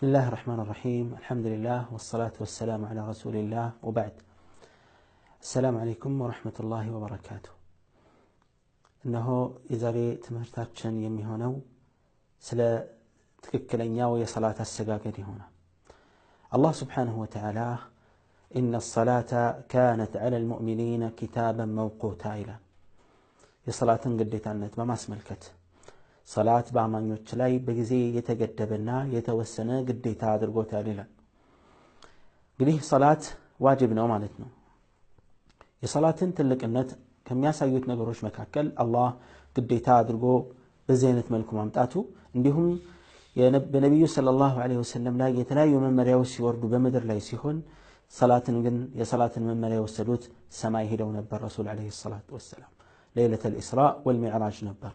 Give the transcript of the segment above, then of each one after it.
بسم الله الرحمن الرحيم الحمد لله والصلاة والسلام على رسول الله وبعد السلام عليكم ورحمة الله وبركاته إنه إذا ريت እነሆ የዛሬ سلا የሚሆነው ስለ ياوي صلاة አሰጋገድ هنا الله سبحانه وتعالى إن الصلاة كانت على المؤمنين كتابا موقوتا إلى የሰላትን اسم الكتب صلاة بعمان يوتشلاي بجزي يتجدبنا يتوسنا قد يتعذر قوتا ليلا قليه صلاة واجب نوم على تنو يصلاة تلك النت كم ياسا يتنا قروش مكاكل الله قد يتعذر قو بزينة ملكم عمتاتو عندهم يا نبي صلى الله عليه وسلم لا يتلاي من مريو سيورد بمدر لا يسيخون صلاة قن يصلاة من مريو سلوت سمايه دون الرسول عليه الصلاة والسلام ليلة الإسراء والمعراج نبر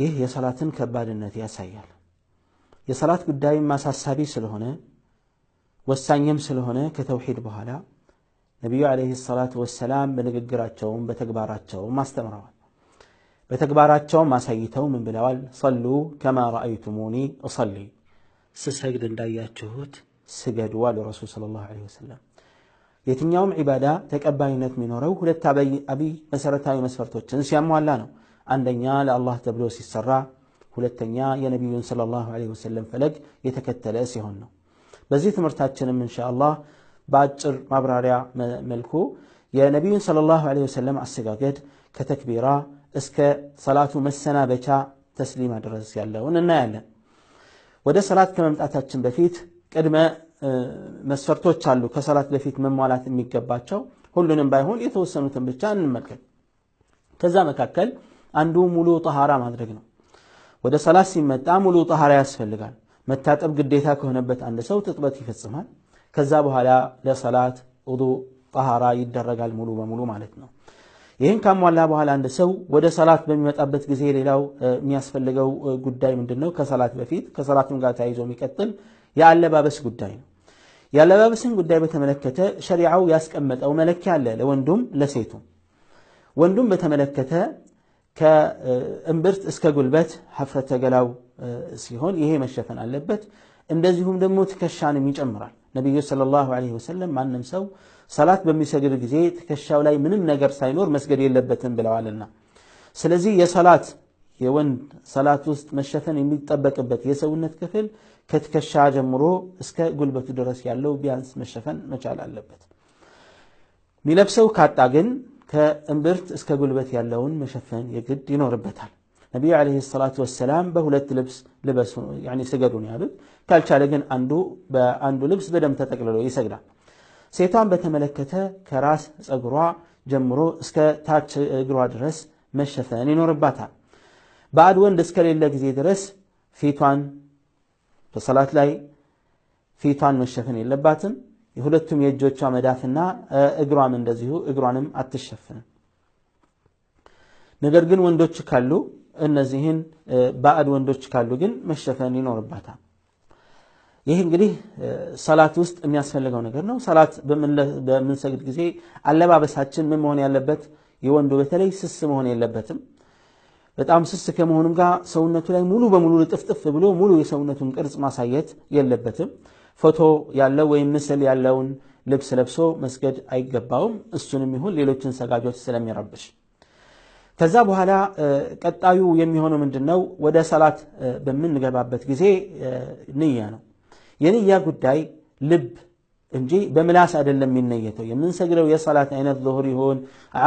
ይህ የሰላትን ከባድነት ያሳያል የሰላት ጉዳይም አሳሳቢ ስለሆነ ወሳኝም ስለሆነ ከተውሂድ በኋላ ነቢዩ ዓለይሂ ሰላቱ ወሰላም በንግግራቸውም በተግባራቸውም አስተምረዋል በተግባራቸውም አሳይተው ምን ብለዋል ሰሉ ከማ ረአይቱሙኒ እሰሊ ስሰግድ እንዳያችሁት ስገዱ አሉ ረሱል ስለ ላሁ ለ ወሰለም የትኛውም ዒባዳ ተቀባይነት የሚኖረው ሁለት አብይ መሰረታዊ መስፈርቶችን ሲያሟላ ነው عندنا الله تبلوس السرع ولتنيا يا نبي صلى الله عليه وسلم فلك يتكتل اسيهن بزيت مرتاتشن من شاء الله باجر مبراريا ملكو يا نبي صلى الله عليه وسلم على السجاجد كتكبيرا اسك صلاة مسنا بيتا تسليم درس يلا وننا يلا وده صلاة كما متاتشن بفيت كدما مسفرتو تشالو كصلاة بفيت من موالات ميكباتشو هلو نمبايهون يتوسنو تنبتشان نملكك كذا مكاكل كل አንዱ ሙሉ ጠሃራ ማድረግ ነው። ወደ ሰላት ሲመጣ ሙሉ ጠሃራ ያስፈልጋል። መታጠብ ግዴታ ከሆነበት አንድ ሰው ጥጥበት ይፈጽማል። ከዛ በኋላ ለሰላት ውዱ ጠሃራ ይደረጋል ሙሉ በሙሉ ማለት ነው። ይህን ካሟላ በኋላ አንድ ሰው ወደ ሰላት በሚመጣበት ጊዜ ሌላው የሚያስፈልገው ጉዳይ ምንድን ነው? ከሰላት በፊት ከሰላቱም ጋር ተያይዞ የሚቀጥል የአለባበስ ጉዳይ ነው። የአለባበስን ጉዳይ በተመለከተ ሸሪዓው ያስቀመጠው መለኪያ አለ፣ ለወንዱም ለሴቱም። ወንዱም በተመለከተ ከእምብርት እስከ ጉልበት ሀፍረተ ገላው ሲሆን ይሄ መሸፈን አለበት። እንደዚሁም ደግሞ ትከሻንም ይጨምራል። ነቢዩ ሰለላሁ ዐለይሂ ወሰለም ማንም ሰው ሰላት በሚሰግድ ጊዜ ትከሻው ላይ ምንም ነገር ሳይኖር መስገድ የለበትም ብለዋልና ስለዚህ የሰላት የወንድ ሰላት ውስጥ መሸፈን የሚጠበቅበት የሰውነት ክፍል ከትከሻ ጀምሮ እስከ ጉልበቱ ድረስ ያለው ቢያንስ መሸፈን መቻል አለበት። ሚለብሰው ካጣ ግን ከእምብርት እስከ ጉልበት ያለውን መሸፈን የግድ ይኖርበታል። ነቢዩ ዓለይሂ ሰላቱ ወሰላም በሁለት ልብስ ልበሱ ስገዱ ያሉት። ካልቻለ ግን አንዱ በአንዱ ልብስ በደም ተጠቅልሎ ይሰግዳል። ሴቷን በተመለከተ ከራስ ፀጉሯ ጀምሮ እስከ ታች እግሯ ድረስ መሸፈን ይኖርባታል። ባዕድ ወንድ እስከሌለ ጊዜ ድረስ ፊቷን በሰላት ላይ ፊቷን መሸፈን የለባትም። የሁለቱም የእጆቿ መዳፍና እግሯም እንደዚሁ እግሯንም አትሸፍንም። ነገር ግን ወንዶች ካሉ እነዚህን ባዕድ ወንዶች ካሉ ግን መሸፈን ይኖርባታል። ይህ እንግዲህ ሰላት ውስጥ የሚያስፈልገው ነገር ነው። ሰላት በምንሰግድ ጊዜ አለባበሳችን ምን መሆን ያለበት? የወንዱ በተለይ ስስ መሆን የለበትም። በጣም ስስ ከመሆኑም ጋር ሰውነቱ ላይ ሙሉ በሙሉ ልጥፍጥፍ ብሎ ሙሉ የሰውነቱን ቅርጽ ማሳየት የለበትም። ፎቶ ያለው ወይም ምስል ያለውን ልብስ ለብሶ መስገድ አይገባውም። እሱንም ይሁን ሌሎችን ሰጋጆች ስለሚረብሽ። ከዛ በኋላ ቀጣዩ የሚሆነው ምንድን ነው? ወደ ሰላት በምንገባበት ጊዜ ንያ ነው። የንያ ጉዳይ ልብ እንጂ በምላስ አይደለም የሚነየተው። የምንሰግደው የሰላት አይነት ዙሁር ይሁን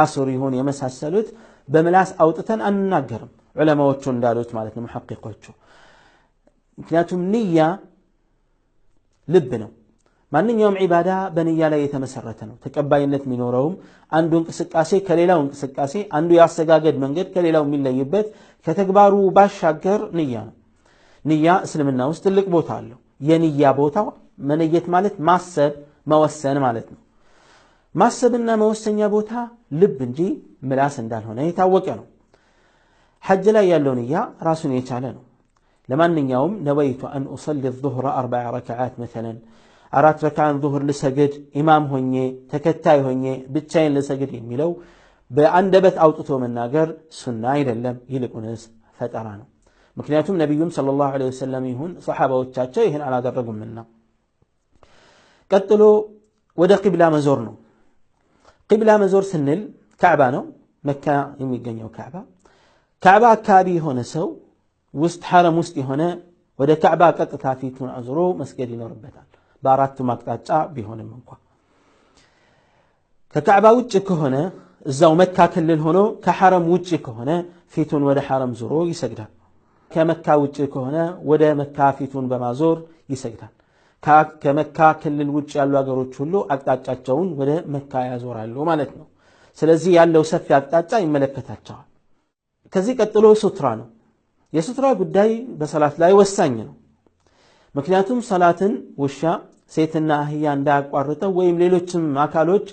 አሱር ይሁን የመሳሰሉት በምላስ አውጥተን አንናገርም፣ ዑለማዎቹ እንዳሉት ማለት ነው፣ ምክንያቱም ንያ ልብ ነው። ማንኛውም ዒባዳ በንያ ላይ የተመሰረተ ነው። ተቀባይነት የሚኖረውም አንዱ እንቅስቃሴ ከሌላው እንቅስቃሴ፣ አንዱ የአሰጋገድ መንገድ ከሌላው የሚለይበት ከተግባሩ ባሻገር ንያ ነው። ንያ እስልምና ውስጥ ትልቅ ቦታ አለው። የንያ ቦታ መነየት ማለት ማሰብ፣ መወሰን ማለት ነው። ማሰብና መወሰኛ ቦታ ልብ እንጂ ምላስ እንዳልሆነ የታወቀ ነው። ሐጅ ላይ ያለው ንያ ራሱን የቻለ ነው። لمن يوم نويت أن أصلي الظهر أربع ركعات مثلا أرات ركعة الظهر لسجد إمام هني تكتاي هني بتشين لسجد يميلو بأندبت أو تطو من ناقر سنة يدلم يلك أنس فتران مكنياتهم نبيهم صلى الله عليه وسلم يهون صحابة وتشاتشيهن على درقهم منا قتلوا ودا قبلة مزورنو قبلة مزور سنل كعبانو مكة يمي كعبة كعبة كابي هون سو ውስጥ ሐረም ውስጥ የሆነ ወደ ካዕባ ቀጥታ ፊቱን አዙሮ መስገድ ይኖርበታል። በአራቱም አቅጣጫ ቢሆንም እንኳ ከካዕባ ውጭ ከሆነ እዛው መካ ክልል ሆኖ ከሐረም ውጭ ከሆነ ፊቱን ወደ ሐረም ዙሮ ይሰግዳል። ከመካ ውጭ ከሆነ ወደ መካ ፊቱን በማዞር ይሰግዳል። ከመካ ክልል ውጭ ያሉ አገሮች ሁሉ አቅጣጫቸውን ወደ መካ ያዞራሉ ማለት ነው። ስለዚህ ያለው ሰፊ አቅጣጫ ይመለከታቸዋል። ከዚህ ቀጥሎ ሱትራ ነው። የሱትራ ጉዳይ በሰላት ላይ ወሳኝ ነው። ምክንያቱም ሰላትን ውሻ፣ ሴትና አህያ እንዳያቋርጠው ወይም ሌሎችም አካሎች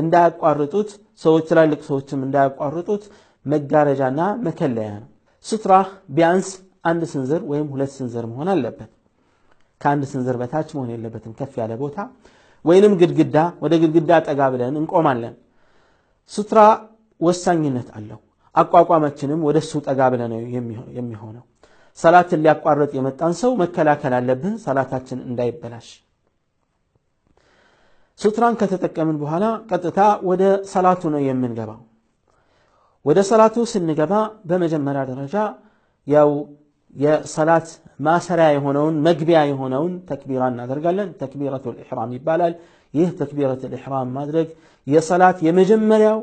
እንዳያቋርጡት ሰዎች ትላልቅ ሰዎችም እንዳያቋርጡት መጋረጃና መከለያ ነው። ሱትራ ቢያንስ አንድ ስንዝር ወይም ሁለት ስንዝር መሆን አለበት። ከአንድ ስንዝር በታች መሆን የለበትም። ከፍ ያለ ቦታ ወይንም ግድግዳ፣ ወደ ግድግዳ ጠጋ ብለን እንቆማለን። ሱትራ ወሳኝነት አለው። አቋቋማችንም ወደ እሱ ጠጋ ብለ ነው የሚሆነው። ሰላትን ሊያቋርጥ የመጣን ሰው መከላከል አለብን፣ ሰላታችን እንዳይበላሽ። ሱትራን ከተጠቀምን በኋላ ቀጥታ ወደ ሰላቱ ነው የምንገባው። ወደ ሰላቱ ስንገባ በመጀመሪያ ደረጃ ያው የሰላት ማሰሪያ የሆነውን መግቢያ የሆነውን ተክቢራ እናደርጋለን። ተክቢረቱል ኢሕራም ይባላል። ይህ ተክቢረቱል ኢሕራም ማድረግ የሰላት የመጀመሪያው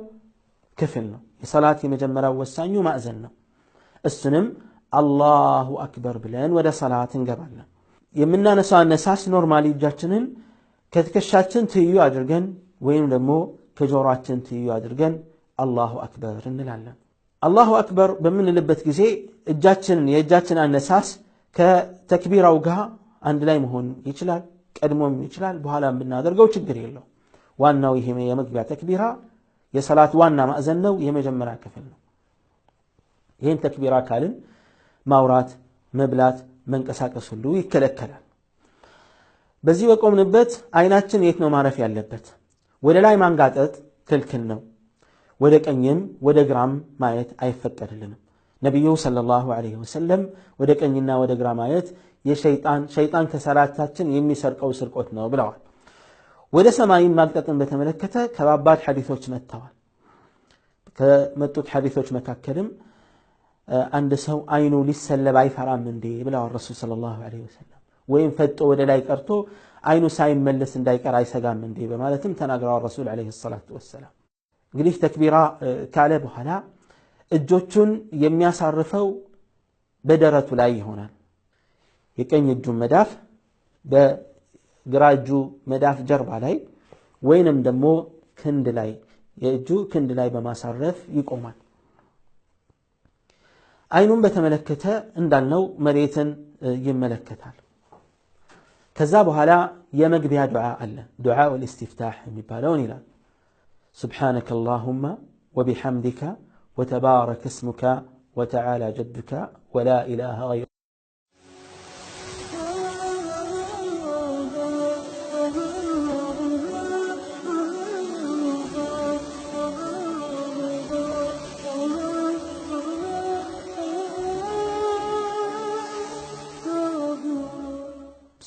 ክፍል ነው። የሰላት የመጀመሪያው ወሳኙ ማዕዘን ነው። እሱንም አላሁ አክበር ብለን ወደ ሰላት እንገባለን። የምናነሳው አነሳስ ኖርማሊ እጃችንን ከትከሻችን ትዩ አድርገን ወይም ደግሞ ከጆሮአችን ትዩ አድርገን አላሁ አክበር እንላለን። አላሁ አክበር በምንልበት ጊዜ እጃችንን የእጃችን አነሳስ ከተክቢራው ጋር አንድ ላይ መሆን ይችላል፣ ቀድሞም ይችላል፣ በኋላ ብናደርገው ችግር የለው። ዋናው ይሄ የመግቢያ ተክቢራ የሰላት ዋና ማዕዘን ነው። የመጀመሪያ ክፍል ነው። ይህን ተክቢራ ካልን ማውራት፣ መብላት፣ መንቀሳቀስ ሁሉ ይከለከላል። በዚህ በቆምንበት አይናችን የት ነው ማረፍ ያለበት? ወደ ላይ ማንጋጠጥ ክልክል ነው። ወደ ቀኝም ወደ ግራም ማየት አይፈቀድልንም። ነቢዩ ሰለላሁ ዐለይሂ ወሰለም ወደ ቀኝና ወደ ግራ ማየት የሸይጣን ሸይጣን ከሰላታችን የሚሰርቀው ስርቆት ነው ብለዋል። ወደ ሰማይም ማቅጠጥን በተመለከተ ከባባድ ሐዲቶች መጥተዋል ከመጡት ሐዲቶች መካከልም አንድ ሰው አይኑ ሊሰለብ አይፈራም እንዴ ብለዋል ረሱል ስለ ላሁ ወሰለም ወይም ፈጦ ወደ ላይ ቀርቶ አይኑ ሳይመለስ እንዳይቀር አይሰጋም እንዴ በማለትም ተናግረዋል ረሱል ለ ሰላቱ ወሰላም እንግዲህ ተክቢራ ካለ በኋላ እጆቹን የሚያሳርፈው በደረቱ ላይ ይሆናል የቀኝ እጁን መዳፍ جراجو مداف جرب علي وينم دمو كندلاي يجو كندلاي بما صرف يقوم أينم بتملكتا اندالنو مريتن يملكتا كذابها لا يمك بها دعاء الله دعاء الاستفتاح ببالون لا سبحانك اللهم وبحمدك وتبارك اسمك وتعالى جدك ولا إله غيرك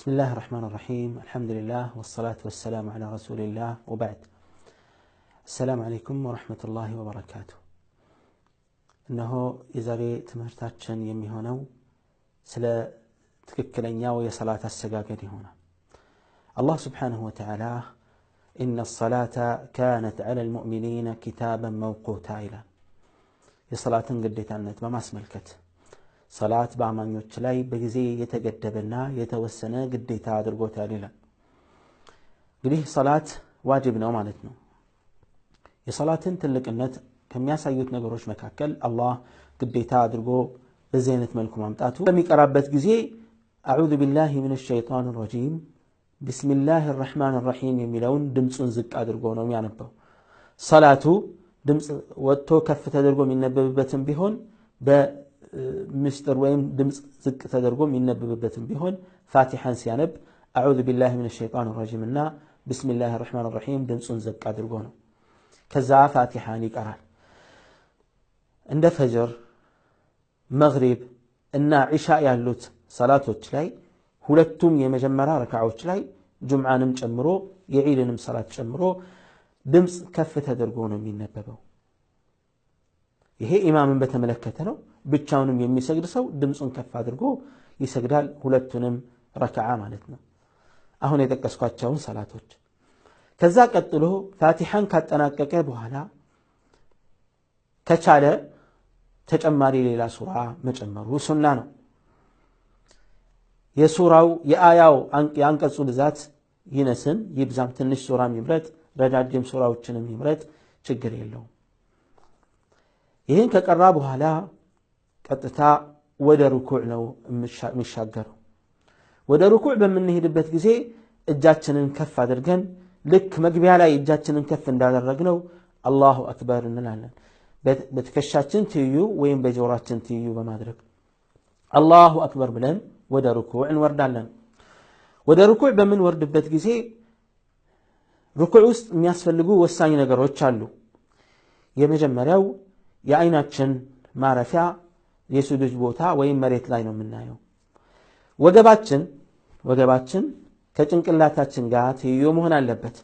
بسم الله الرحمن الرحيم الحمد لله والصلاة والسلام على رسول الله وبعد السلام عليكم ورحمة الله وبركاته إنه تمرتاتشن يمي ትምህርታችን سلا تككلن ياوي صلاة አሰጋገድ هنا الله سبحانه وتعالى إن الصلاة كانت على المؤمنين كتابا موقوتا إلى صلاة قديت የሰላትን ما በማስመልከት صلاة بعمان يتلاي بجزي يتجدبنا يتوسنا قد يتعذر قوتا ليلا قديه صلاة واجب نوم على صلاة انت اللي كنت كم يا يتنا قروش مكاكل الله قد يتعذر قو بزينة ملكو مامتاتو لم يقربت جزي أعوذ بالله من الشيطان الرجيم بسم الله الرحمن الرحيم يميلون دمس انزك قادر قونهم يعني صلاته دمس وتو كفت قادر من نبب بتم با ምስጢር ወይም ድምፅ ዝቅ ተደርጎም ይነበብበትም ቢሆን ፋቲሐን ሲያነብ አዑዙ ቢላህ ምን ሸይጣን ረጂም እና ብስሚላህ ራሕማን ራሒም ድምፁን ዘቅ አድርጎ ነው ከዛ ፋቲሐን ይቀራል እንደ ፈጅር መግሪብ እና ዒሻ ያሉት ሰላቶች ላይ ሁለቱም የመጀመሪያ ረካዓዎች ላይ ጁምዓንም ጨምሮ የዒድንም ሰላት ጨምሮ ድምፅ ከፍ ተደርጎ ነው የሚነበበው ይሄ ኢማምን በተመለከተ ነው ብቻውንም የሚሰግድ ሰው ድምፁን ከፍ አድርጎ ይሰግዳል። ሁለቱንም ረክዓ ማለት ነው። አሁን የጠቀስኳቸውን ሰላቶች ከዛ ቀጥሎ ፋቲሐን ካጠናቀቀ በኋላ ከቻለ ተጨማሪ ሌላ ሱራ መጨመሩ ሱና ነው። የሱራው የአያው የአንቀጹ ብዛት ይነስም ይብዛም፣ ትንሽ ሱራም ይምረጥ፣ ረጃጅም ሱራዎችንም ይምረጥ፣ ችግር የለውም። ይህን ከቀራ በኋላ ቀጥታ ወደ ሩኩዕ ነው የሚሻገረው። ወደ ሩኩዕ በምንሄድበት ጊዜ እጃችንን ከፍ አድርገን ልክ መግቢያ ላይ እጃችንን ከፍ እንዳደረግነው አላሁ አክበር እንላለን። በትከሻችን ትይዩ ወይም በጆሯችን ትይዩ በማድረግ አላሁ አክበር ብለን ወደ ሩኩዕ እንወርዳለን። ወደ ሩኩዕ በምንወርድበት ጊዜ ሩኩዕ ውስጥ የሚያስፈልጉ ወሳኝ ነገሮች አሉ። የመጀመሪያው የአይናችን ማረፊያ የሱጁድ ቦታ ወይም መሬት ላይ ነው የምናየው። ወገባችን ወገባችን ከጭንቅላታችን ጋር ትይዮ መሆን አለበት።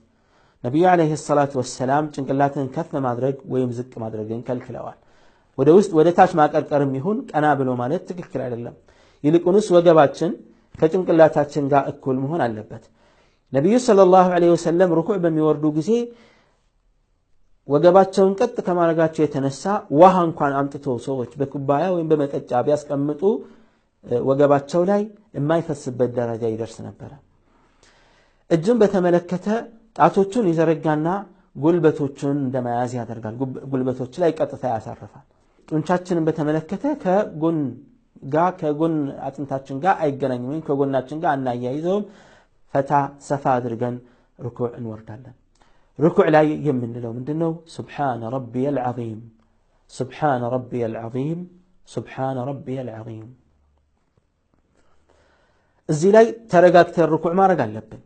ነቢዩ ዓለይሂ ሰላቱ ወሰላም ጭንቅላትን ከፍ ማድረግ ወይም ዝቅ ማድረግን ከልክለዋል። ወደ ውስጥ ወደ ታች ማቀርቀርም ይሁን ቀና ብሎ ማለት ትክክል አይደለም። ይልቁንስ ወገባችን ከጭንቅላታችን ጋር እኩል መሆን አለበት። ነቢዩ ሰለላሁ ዓለይሂ ወሰለም ሩኩዕ በሚወርዱ ጊዜ ወገባቸውን ቀጥ ከማድረጋቸው የተነሳ ውሃ እንኳን አምጥቶ ሰዎች በኩባያ ወይም በመጠጫ ቢያስቀምጡ ወገባቸው ላይ የማይፈስበት ደረጃ ይደርስ ነበረ። እጅም በተመለከተ ጣቶቹን ይዘረጋና ጉልበቶቹን እንደመያዝ ያደርጋል። ጉልበቶች ላይ ቀጥታ ያሳርፋል። ጡንቻችንን በተመለከተ ከጎን ጋ ከጎን አጥንታችን ጋር አይገናኝም ወይም ከጎናችን ጋር አናያይዘውም። ፈታ ሰፋ አድርገን ርኩዕ እንወርዳለን። ركوع لا يمنለው ምንድነው سبحان ربي العظيم سبحان ربي العظيم سبحان ربي العظيم እዚህ ላይ ተረጋግተን ርኩዕ ማድረግ አለብን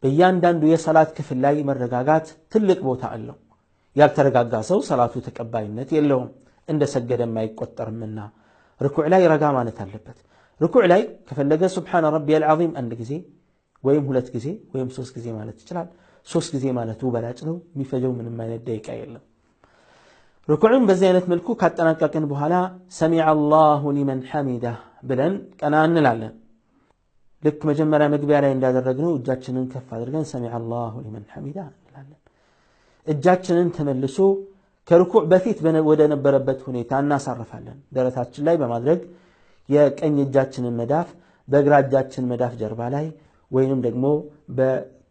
በእያንዳንዱ የሰላት ክፍል ላይ መረጋጋት ትልቅ ቦታ አለው ያልተረጋጋ ሰው ሰላቱ ተቀባይነት የለውም እንደ ሰገደም አይቆጠርምና ርኩዕ ላይ ረጋ ማለት አለበት ርኩዕ ላይ ከፈለገ ስብሓን ረቢ አልዓዚም አንድ ጊዜ ወይም ሁለት ጊዜ ወይም ሶስት ጊዜ ማለት ይችላል ሶስት ጊዜ ማለቱ በላጭ ነው። የሚፈጀው ምንም አይነት ደቂቃ የለም። ርኩዕን በዚህ አይነት መልኩ ካጠናቀቅን በኋላ ሰሚዐ አላሁ ሊመን ሐሚዳ ብለን ቀና እንላለን። ልክ መጀመሪያ መግቢያ ላይ እንዳደረግነው እጃችንን ከፍ አድርገን ሰሚዐ አላሁ ሊመን ሐሚዳ እንላለን። እጃችንን ተመልሶ ከርኩዕ በፊት ወደ ነበረበት ሁኔታ እናሳርፋለን። ደረታችን ላይ በማድረግ የቀኝ እጃችንን መዳፍ በግራ እጃችን መዳፍ ጀርባ ላይ ወይንም ደግሞ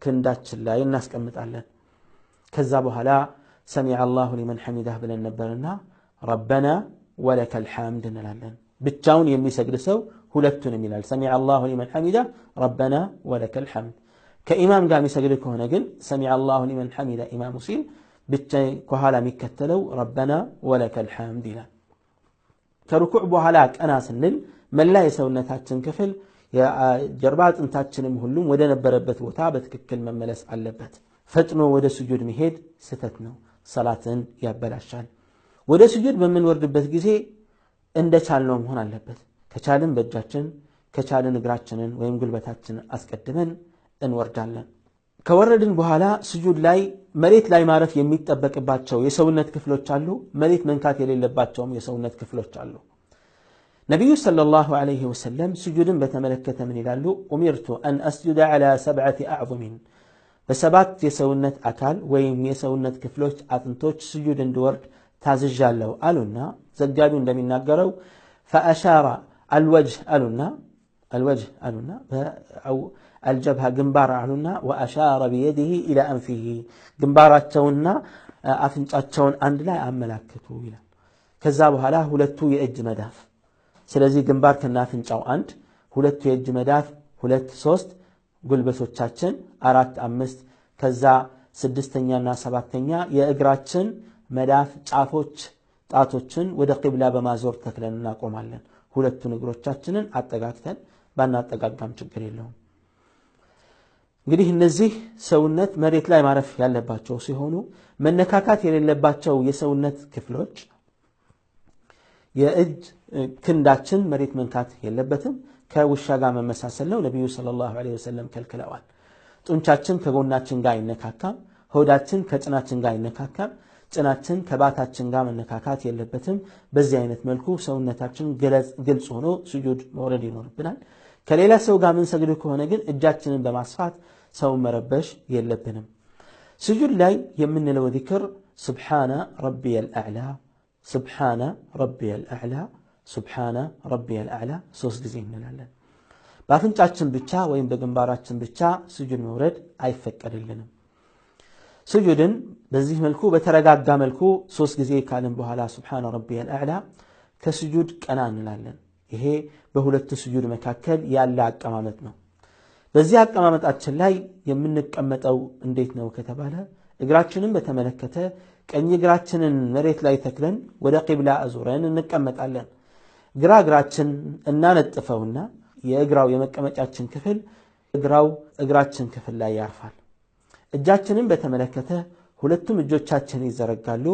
كنداتش الله الناس كمت علن كذبها لا سمع الله لمن حمده بل نبرنا ربنا ولك الحمد نلالن بتجاون يمي سجلسو هلتون ميلال سمع الله لمن حمده ربنا ولك الحمد كإمام قام يسجلك هنا قل سمع الله لمن حمده إمام مسلم بتجاي كهالا مكتلو ربنا ولك الحمد لا كركوع بوهلاك أنا سنل من لا يسون نتاج كفل የጀርባ አጥንታችንም ሁሉም ወደ ነበረበት ቦታ በትክክል መመለስ አለበት። ፈጥኖ ወደ ስጁድ መሄድ ስህተት ነው፣ ሰላትን ያበላሻል። ወደ ስጁድ በምንወርድበት ጊዜ እንደ ቻልነው መሆን አለበት። ከቻልን በእጃችን ከቻልን እግራችንን ወይም ጉልበታችንን አስቀድመን እንወርዳለን። ከወረድን በኋላ ስጁድ ላይ መሬት ላይ ማረፍ የሚጠበቅባቸው የሰውነት ክፍሎች አሉ። መሬት መንካት የሌለባቸውም የሰውነት ክፍሎች አሉ። نبي صلى الله عليه وسلم سجود بتملكة من ذلك أمرت أن أسجد على سبعة أعظم بسبات يسونة أكال ويم يسونة كفلوش أتنتوش سجود دورد تازجالو ألونا زقادون دمين نقرو فأشار الوجه ألونا الوجه ألونا أو الجبهة قنبار ألونا وأشار بيده إلى أنفه قنبار أتشونا أثنتوش أتشون أندلا أملاكتو كذابها لا هلتو يأج مداف ስለዚህ ግንባር ከናፍንጫው አንድ፣ ሁለቱ የእጅ መዳፍ ሁለት፣ ሶስት፣ ጉልበቶቻችን አራት፣ አምስት፣ ከዛ ስድስተኛና ሰባተኛ የእግራችን መዳፍ ጫፎች ጣቶችን ወደ ቂብላ በማዞር ተክለን እናቆማለን። ሁለቱን እግሮቻችንን አጠጋግተን ባናጠጋጋም ችግር የለውም። እንግዲህ እነዚህ ሰውነት መሬት ላይ ማረፍ ያለባቸው ሲሆኑ መነካካት የሌለባቸው የሰውነት ክፍሎች የእጅ ክንዳችን መሬት መንካት የለበትም። ከውሻ ጋር መመሳሰል ነው። ነቢዩ ሰለላሁ ዐለይሂ ወሰለም ከልክለዋል። ጡንቻችን ከጎናችን ጋር አይነካካም። ሆዳችን ከጭናችን ጋር አይነካካም። ጭናችን ከባታችን ጋር መነካካት የለበትም። በዚህ አይነት መልኩ ሰውነታችን ግልጽ ሆኖ ስጁድ መውረድ ይኖርብናል። ከሌላ ሰው ጋር ምንሰግድ ከሆነ ግን እጃችንን በማስፋት ሰውን መረበሽ የለብንም። ስጁድ ላይ የምንለው ዚክር ስብሓና ረቢየል አዕላ ስብሓነ ረቢየል አዕላ ስብሓነ ረቢየል አዕላ ሶስት ጊዜ እንላለን። በአፍንጫችን ብቻ ወይም በግንባራችን ብቻ ስጁድ መውረድ አይፈቀድልንም። ስጁድን በዚህ መልኩ በተረጋጋ መልኩ ሶስት ጊዜ ካልን በኋላ ስብሓነ ረቢየል አዕላ ከስጁድ ቀና እንላለን። ይሄ በሁለቱ ስጁድ መካከል ያለ አቀማመጥ ነው። በዚህ አቀማመጣችን ላይ የምንቀመጠው እንዴት ነው ከተባለ እግራችንን በተመለከተ ቀኝ እግራችንን መሬት ላይ ተክለን ወደ ቂብላ አዙረን እንቀመጣለን። ግራ እግራችን እናነጥፈውና የእግራው የመቀመጫችን ክፍል እግራው እግራችን ክፍል ላይ ያርፋል። እጃችንን በተመለከተ ሁለቱም እጆቻችን ይዘረጋሉ።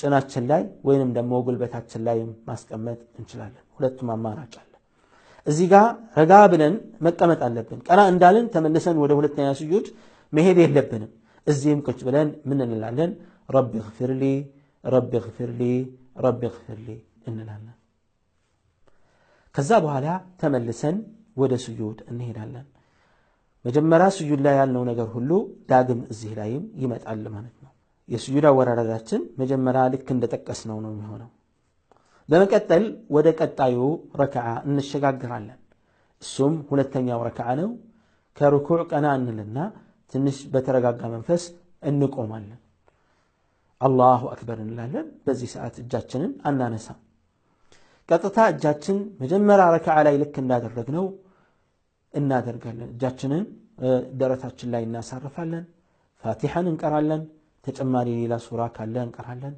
ጭናችን ላይ ወይንም ደግሞ ጉልበታችን ላይ ማስቀመጥ እንችላለን። ሁለቱም አማራጭ አለ። እዚህ ጋር ረጋ ብለን መቀመጥ አለብን። ቀና እንዳልን ተመልሰን ወደ ሁለተኛ ስጁድ መሄድ የለብንም። እዚህም ቁጭ ብለን ምን እንላለን? ረቢ ግፊርሊ ረቢ ግፊርሊ ረቢ ግፊርሊ እንላለን። ከዛ በኋላ ተመልሰን ወደ ስጁድ እንሄዳለን። መጀመሪያ ስዩድ ላይ ያልነው ነገር ሁሉ ዳግም እዚህ ላይም ይመጣል ማለት ነው። የስዩድ አወራረዳችን መጀመሪያ ልክ እንደጠቀስነው ነው የሚሆነው። በመቀጠል ወደ ቀጣዩ ረክዓ እንሸጋግራለን። እሱም ሁለተኛው ረክዓ ነው። ከርኩዕ ቀና እንልና ትንሽ በተረጋጋ መንፈስ እንቆማለን አላሁ አክበር እንላለን በዚህ ሰዓት እጃችንን አናነሳ ቀጥታ እጃችን መጀመሪያ ረክዓ ላይ ልክ እንዳደረግነው እናደርጋለን እጃችንን ደረታችን ላይ እናሳርፋለን ፋቲሐን እንቀራለን ተጨማሪ ሌላ ሱራ ካለ እንቀራለን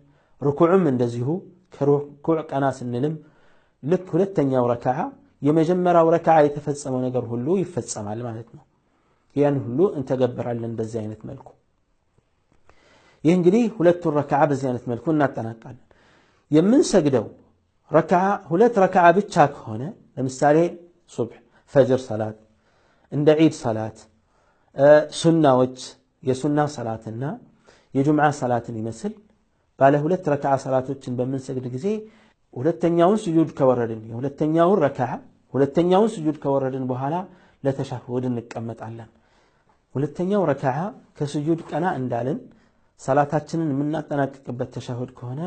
ርኩዕም እንደዚሁ ከርኩዕ ቀና ስንልም ልክ ሁለተኛው ረክዓ የመጀመሪያው ረክዓ የተፈጸመው ነገር ሁሉ ይፈጸማል ማለት ነው ያን ሁሉ እንተገብራለን በዚህ አይነት መልኩ ይህ እንግዲህ ሁለቱን ረክዓ በዚህ አይነት መልኩ እናጠናቃለን የምንሰግደው ረክዓ ሁለት ረክዓ ብቻ ከሆነ ለምሳሌ ሱብሕ ፈጅር ሰላት እንደ ዒድ ሰላት ሱናዎች የሱና ሰላትና የጁምዓ ሰላትን ይመስል ባለ ሁለት ረክዓ ሰላቶችን በምንሰግድ ጊዜ ሁለተኛውን ስጁድ ከወረድን የሁለተኛውን ረክዓ ሁለተኛውን ስጁድ ከወረድን በኋላ ለተሻሁድ እንቀመጣለን ሁለተኛው ረካዓ ከስጁድ ቀና እንዳልን ሰላታችንን የምናጠናቅቅበት ተሻሁድ ከሆነ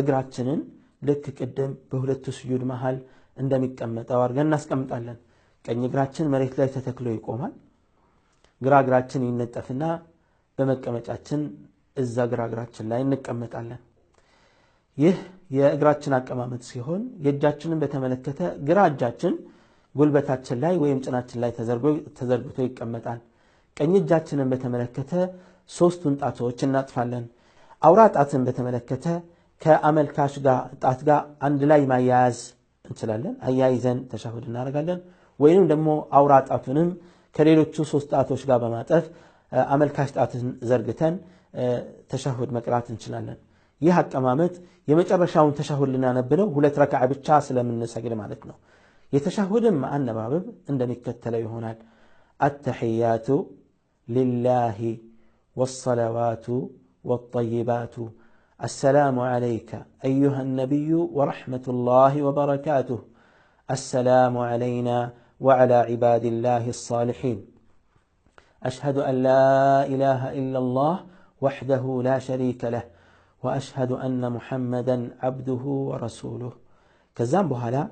እግራችንን ልክ ቅድም በሁለቱ ስጁድ መሃል እንደሚቀመጠው አድርገን እናስቀምጣለን። ቀኝ እግራችን መሬት ላይ ተተክሎ ይቆማል። ግራ እግራችን ይነጠፍና በመቀመጫችን እዛ ግራ እግራችን ላይ እንቀመጣለን። ይህ የእግራችን አቀማመጥ ሲሆን የእጃችንን በተመለከተ ግራ እጃችን ጉልበታችን ላይ ወይም ጭናችን ላይ ተዘርግቶ ይቀመጣል። ቀኝ እጃችንን በተመለከተ ሶስቱን ጣቶች እናጥፋለን። አውራ ጣትን በተመለከተ ጋር ጣት ጋር አንድ ላይ ማያያዝ እንችላለን። አያይዘን ተሻሁድ እናደርጋለን። ወይንም ደግሞ አውራ ጣቱንም ከሌሎቹ ሶስት ጣቶች ጋር በማጠፍ አመልካሽ ጣትን ዘርግተን ተሻሁድ መቅራት እንችላለን። ይህ አቀማመጥ የመጨረሻውን ተሻሁድ ልናነብለው ሁለት ረክዓ ብቻ ስለምንሰግድ ማለት ነው። የተሻሁድም አነባበብ እንደሚከተለው ይሆናል። አተሕያቱ لله والصلوات والطيبات السلام عليك أيها النبي ورحمة الله وبركاته السلام علينا وعلى عباد الله الصالحين أشهد أن لا إله إلا الله وحده لا شريك له وأشهد أن محمدا عبده ورسوله كزام بهلا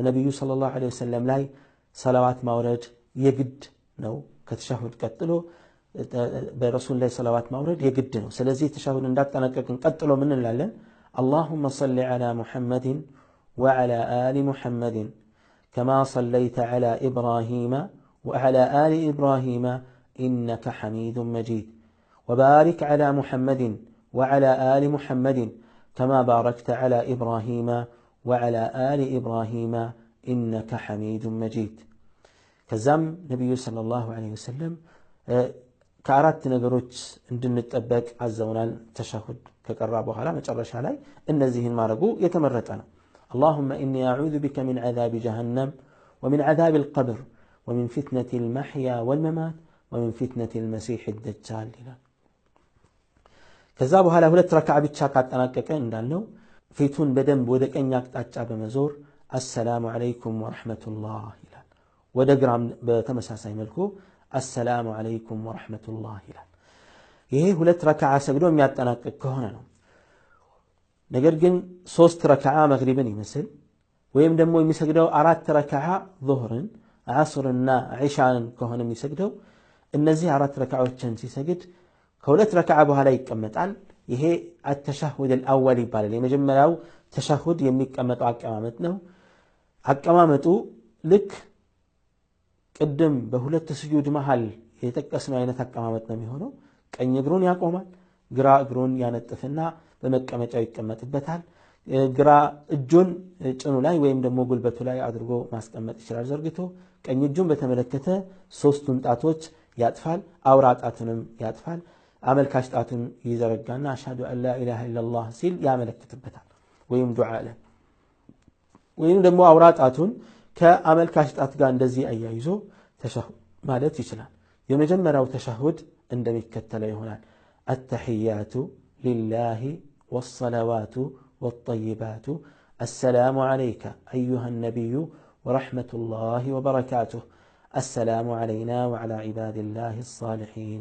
النبي صلى الله عليه وسلم لاي صلوات مورج يجد نو كتشهد قتلو برسول الله صلوات مورد يقدن سلزي تشهد اندات انا قتلو من اللعلن اللهم صل على محمد وعلى آل محمد كما صليت على إبراهيم وعلى آل إبراهيم إنك حميد مجيد وبارك على محمد وعلى آل محمد كما باركت على إبراهيم وعلى آل إبراهيم إنك حميد مجيد كزام نبي صلى الله عليه وسلم كأرات نقروت عندنا التأباك عزونا تشهد كقرابو هلا ما تشرش علي إن زيهن ما يتمرت أنا اللهم إني أعوذ بك من عذاب جهنم ومن عذاب القبر ومن فتنة المحيا والممات ومن فتنة المسيح الدجال لنا كذابو هلا هلا تركع بشاكات أنا كأن دالنو فيتون بدن بودك أن يكتعج مزور السلام عليكم ورحمة الله ወደ ግራም በተመሳሳይ መልኩ አሰላሙ አለይኩም ወረሕመቱላህ ይላል። ይሄ ሁለት ረክዓ ሰግዶ የሚያጠናቅቅ ከሆነ ነው። ነገር ግን ሶስት ረክዓ መግሪብን ይመስል ወይም ደግሞ የሚሰግደው አራት ረክዓ ዙህርን፣ ዓስርና ዒሻን ከሆነ የሚሰግደው እነዚህ አራት ረክዓዎችን ሲሰግድ ከሁለት ረክዓ በኋላ ይቀመጣል። ይሄ አተሻሁድ አወል ይባላል። የመጀመሪያው ተሻሁድ የሚቀመጠው አቀማመጥ ነው። አቀማመጡ ልክ ቅድም በሁለት ስጁድ መሃል የጠቀስነው አይነት አቀማመጥ ነው የሚሆነው። ቀኝ እግሩን ያቆማል፣ ግራ እግሩን ያነጥፍና በመቀመጫው ይቀመጥበታል። ግራ እጁን ጭኑ ላይ ወይም ደግሞ ጉልበቱ ላይ አድርጎ ማስቀመጥ ይችላል ዘርግቶ። ቀኝ እጁን በተመለከተ ሶስቱን ጣቶች ያጥፋል፣ አውራ ጣቱንም ያጥፋል። አመልካች ጣቱን ይዘረጋና አሽሃዱ አን ላ ኢላሃ ኢለላህ ሲል ያመለክትበታል ወይም ዱዓ አለ ወይም ደግሞ አውራ ጣቱን ከአመልካች ጣት ጋር እንደዚህ አያይዞ ማለት ይችላል የመጀመሪያው عندما يكتل هنا التحيات لله والصلوات والطيبات السلام عليك أيها النبي ورحمة الله وبركاته السلام علينا وعلى عباد الله الصالحين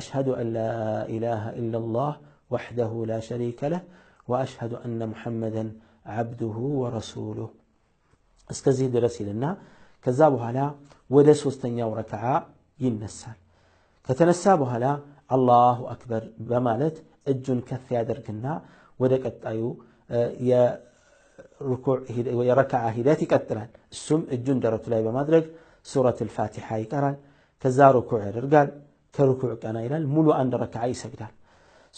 أشهد أن لا إله إلا الله وحده لا شريك له وأشهد أن محمدا عبده ورسوله استزيد رسيلنا كذابها لا ودس وستنيا وركعا ينسى كتنسابو هلا الله أكبر بمالت أجن كثي أدركنا ودك أيو يا ركوع يا ركعة هداتي كترا السم أجن درت لا بمدرك سورة الفاتحة يكرا كذا ركوع رجال كركوع كان إلى الملو أن ركعة يسجد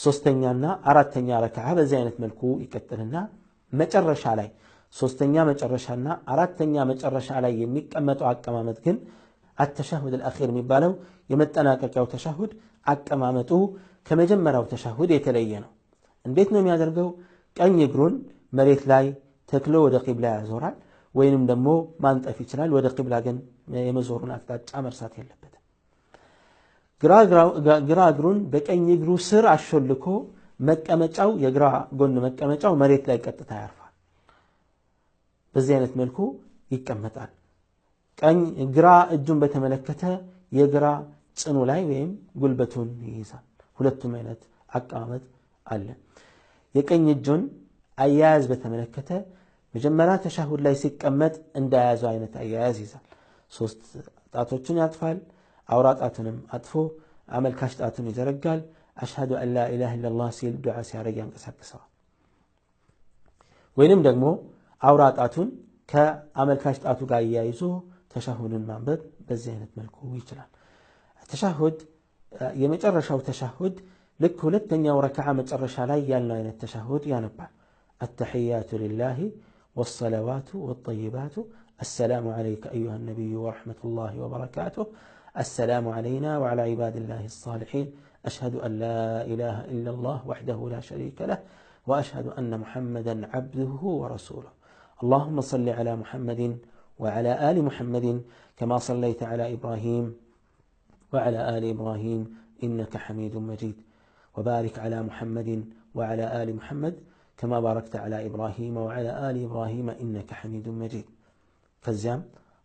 سوستنيا لنا أردتنيا ركعة بزينة ملكو يكترنا ما ترش عليه ሶስተኛ መጨረሻና አራተኛ መጨረሻ ላይ የሚቀመጠው አቀማመጥ ግን አተሻሁድ አልአኺር የሚባለው የመጠናቀቂያው ተሻሁድ አቀማመጡ ከመጀመሪያው ተሻሁድ የተለየ ነው። እንዴት ነው የሚያደርገው? ቀኝ እግሩን መሬት ላይ ተክሎ ወደ ቂብላ ያዞራል፣ ወይንም ደግሞ ማንጠፍ ይችላል። ወደ ቂብላ ግን የመዞሩን አቅጣጫ መርሳት የለበትም። ግራ እግሩን በቀኝ እግሩ ስር አሾልኮ መቀመጫው የግራ ጎን መቀመጫው መሬት ላይ ቀጥታ ያርፋል። በዚህ አይነት መልኩ ይቀመጣል። ቀኝ ግራ እጁን በተመለከተ የግራ ጽኑ ላይ ወይም ጉልበቱን ይይዛል። ሁለቱም አይነት አቀማመጥ አለ። የቀኝ እጁን አያያዝ በተመለከተ መጀመሪያ ተሻሁድ ላይ ሲቀመጥ እንደያዘው አይነት አያያዝ ይዛል። ሶስት ጣቶቹን ያጥፋል። አውራ ጣቱንም አጥፎ አመልካች ጣቱን ይዘረጋል። አሽሃዱ አን ላ ኢላሃ ኢለላህ ሲል ዱዓ ሲያደርግ ያንቀሳቅሰዋል። ወይንም ደግሞ عورات አውራ ጣቱን ከአመልካች ጣቱ ጋር እያይዞ ተሻሁድን ማንበብ በዚህ አይነት መልኩ ይችላል። ተሻሁድ የመጨረሻው ተሻሁድ ልክ ሁለተኛው ረክዓ መጨረሻ ላይ ያለው አይነት ተሻሁድ ያነባል። التحيات لله والصلوات والطيبات السلام عليك أيها النبي ورحمة الله وبركاته السلام علينا وعلى عباد الله الصالحين أشهد أن لا إله إلا الله وحده لا شريك له وأشهد أن محمدا عبده ورسوله اللهم صل على محمد وعلى آل محمد كما صليت على إبراهيم وعلى آل إبراهيم إنك حميد مجيد وبارك على محمد وعلى آل محمد كما باركت على إبراهيم وعلى آل إبراهيم إنك حميد مجيد فالزام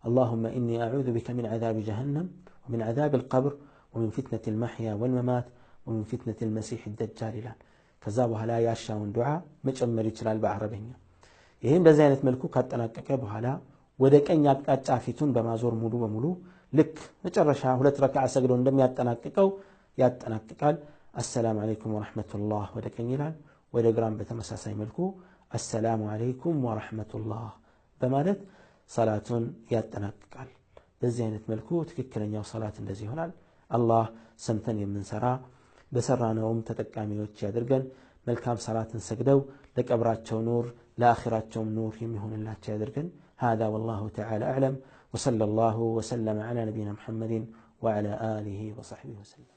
اللهم إني أعوذ بك من عذاب جهنم ومن عذاب القبر ومن فتنة المحيا والممات ومن فتنة المسيح الدجال فزابها لا يشاون دعاء مجمر يجلال بعربين ይህም በዚህ አይነት መልኩ ካጠናቀቀ በኋላ ወደ ቀኝ አቅጣጫ ፊቱን በማዞር ሙሉ በሙሉ ልክ መጨረሻ ሁለት ረክዓ ሰግዶ እንደሚያጠናቅቀው ያጠናቅቃል። አሰላሙ አለይኩም ወረሕመቱላህ ወደ ቀኝ ይላል። ወደ ግራም በተመሳሳይ መልኩ አሰላሙ አለይኩም ወረሕመቱላህ በማለት ሰላቱን ያጠናቅቃል። በዚህ አይነት መልኩ ትክክለኛው ሰላት እንደዚህ ይሆናል። አላህ ሰምተን የምንሰራ በሰራነውም ተጠቃሚዎች ያድርገን። ملكام صلاة መልካም ሰላትን ሰግደው ለቀብራቸው ኑር نور ኑር الله ያድርገን هذا والله تعالى أعلم وصلى الله وسلم على نبينا محمد وعلى آله وصحبه وسلم